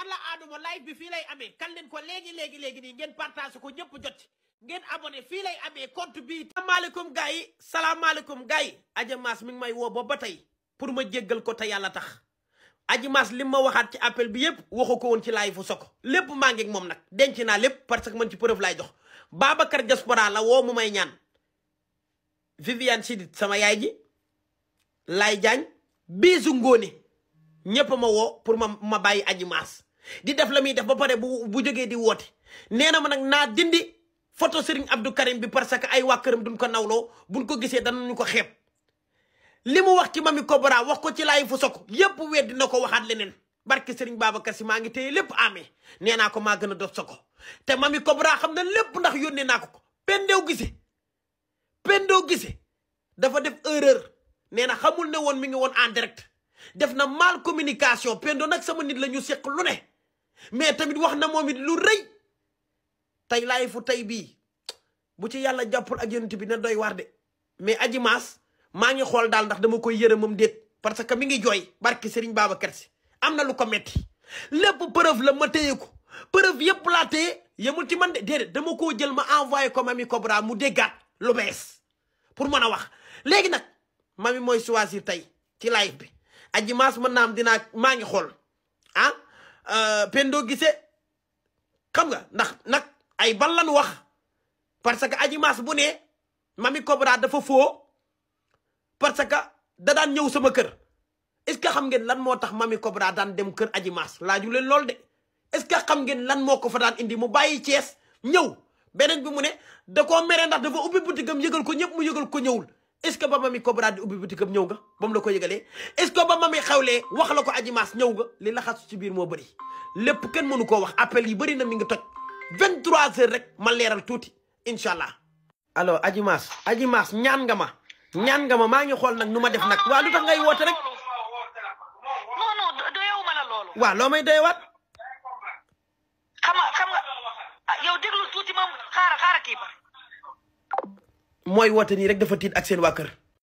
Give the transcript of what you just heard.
alla aaduma live bi fii lay amee kan leen ko léegi léegi léegi nii ngeen partage ko ñëpp jot ngeen abonné fii lay amee compte bi salaamaaleykum gars yi salaamaaleykum gars yi Adja Mass mi ngi may woo ba tey pour ma jéggal ko te yàlla tax Adji Mass li ma waxaat ci appel bi yëpp waxu ko woon ci live fu Soko lépp maa moom nag denc naa lépp parce que man ci preuve laay dox Babacar Diaspora la woo mu may ñaan Viviane Chidid sama yaay ji Lay Diagne biisu ngóone ñépp ma wo pour ma ma bàyyi Adji di def la muy def ba pare bu bu jógee di woote nee na ma nag naa dindi photo Serigne Abdou Karim bi parce que ay waa këram duñ ko nawloo buñ ko gisee dana danañu ko xeeb li mu wax ci Mamy Cobra wax ko ci laay fu sokk yépp weddi na ko waxaat leneen barke Serigne Babacar si maa ngi téye lépp amee nee naa ko maa gën a doot soko te ma Mamy Cobra xam na lépp ndax yónnee naa ko ko pendew gise pendew gise dafa def erreur nee na xamul ne woon mi ngi woon en direct def na mal communication pendo nag sama nit la ñu seq lu ne mais tamit wax na moom it lu rëy tey laay fu tey bi bu ci yàlla jàppul ak yonent bi na doy waar de mais aji maa ngi xool daal ndax dama koy yërëmam déet parce que mi ngi jooy barki Serigne Babacar Sy am na lu ko metti lépp preuve la ma téye ko preuve yëpp laa téye yemul ci man de déedéet dama koo jël ma envoyé ko mami Cobra mu déggaat lu bees pour mën a wax léegi nag ma mi mooy choisir tey ci live bi aji maas mën naa dinaa maa ngi xool Euh, Pendo Guissé xam nga ndax nag ay bal lan wax parce que Adji Mass bu ne Mamy Cobra dafa foo parce que da daan ñëw sama kër est-ce que xam ngeen lan moo tax Mamy Cobra daan dem kër Adji Mass laaju leen lool de est-ce que xam ngeen lan moo ko fa daan indi mu bàyyi Thiès ñëw beneen bi mu ne da koo mere ndax dafa ubbi butigam yëgal ko ñëpp mu yëgal ko ñëwul est ce que ba mami Cobra di ubbi boutique am ñëw nga ba mu la ko yëgalee est ce que ba mami xawlee wax la ko Adji Mass ñëw nga li laxasu ci biir moo bëri lépp kenn mënu koo wax appel yi bëri na mi ngi toj 23 heures rek ma leeral tuuti incha allah. alors Adji Mass ñaan nga ma ñaan nga ma maa ngi xool nag nu ma def nag waa lu tax ngay woote rek. non non may doyewaat. xam nga xam ah, yow déglu tuuti moom xaaral xaaral mooy woote ni rek dafa tiit ak seen waa kër